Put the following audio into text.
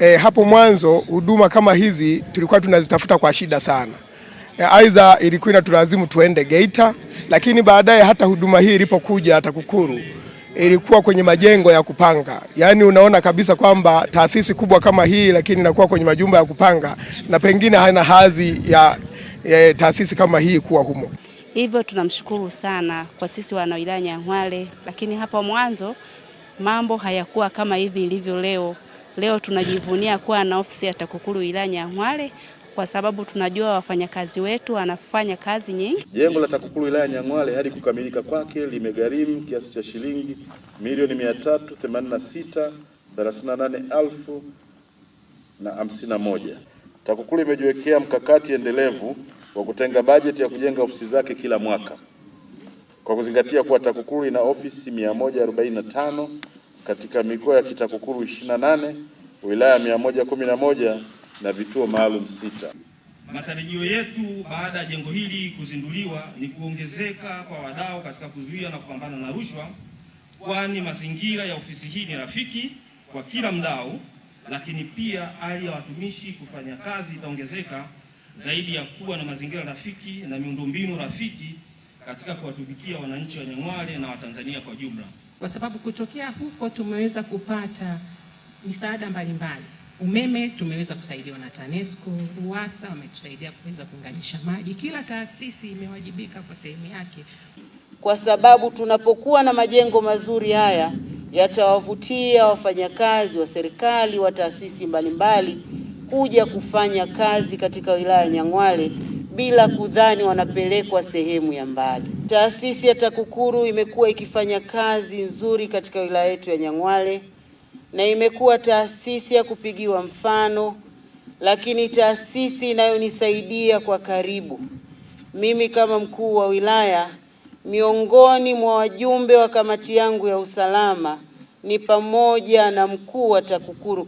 e, hapo mwanzo huduma kama hizi tulikuwa tunazitafuta kwa shida sana. Eh, aidha e, ilikuwa inatulazimu tuende Geita, lakini baadaye hata huduma hii ilipokuja hata TAKUKURU ilikuwa kwenye majengo ya kupanga. Yaani unaona kabisa kwamba taasisi kubwa kama hii lakini inakuwa kwenye majumba ya kupanga na pengine haina hadhi ya, ya taasisi kama hii kuwa humo. Hivyo tunamshukuru sana kwa sisi wana wilaya Nyang'hwale, lakini hapo mwanzo mambo hayakuwa kama hivi ilivyo leo. Leo tunajivunia kuwa na ofisi ya TAKUKURU wilaya Nyang'hwale kwa sababu tunajua wafanyakazi wetu wanafanya kazi nyingi. Jengo la TAKUKURU wilaya Nyang'hwale hadi kukamilika kwake limegharimu kiasi cha shilingi milioni 386,38,051. TAKUKURU imejiwekea mkakati endelevu wa kutenga bajeti ya kujenga ofisi zake kila mwaka kwa kuzingatia kuwa TAKUKURU ina ofisi 145 katika mikoa ya kitakukuru 28, wilaya 111 na vituo maalum sita. Matarajio yetu baada ya jengo hili kuzinduliwa ni kuongezeka kwa wadau katika kuzuia na kupambana na rushwa, kwani mazingira ya ofisi hii ni rafiki kwa kila mdau, lakini pia hali ya watumishi kufanya kazi itaongezeka zaidi ya kuwa na mazingira rafiki na miundombinu rafiki katika kuwatumikia wananchi wa Nyang'hwale na Watanzania kwa jumla kwa sababu kutokea huko tumeweza kupata misaada mbalimbali. Umeme tumeweza kusaidiwa na TANESCO, RUWASA wametusaidia kuweza kuunganisha maji. Kila taasisi imewajibika kwa sehemu yake, kwa sababu tunapokuwa na majengo mazuri haya yatawavutia wafanyakazi wa serikali wa taasisi mbalimbali kuja kufanya kazi katika wilaya ya Nyang'hwale bila kudhani wanapelekwa sehemu ya mbali. Taasisi ya TAKUKURU imekuwa ikifanya kazi nzuri katika wilaya yetu ya Nyang'hwale na imekuwa taasisi ya kupigiwa mfano, lakini taasisi inayonisaidia kwa karibu mimi kama mkuu wa wilaya. Miongoni mwa wajumbe wa kamati yangu ya usalama ni pamoja na mkuu wa TAKUKURU.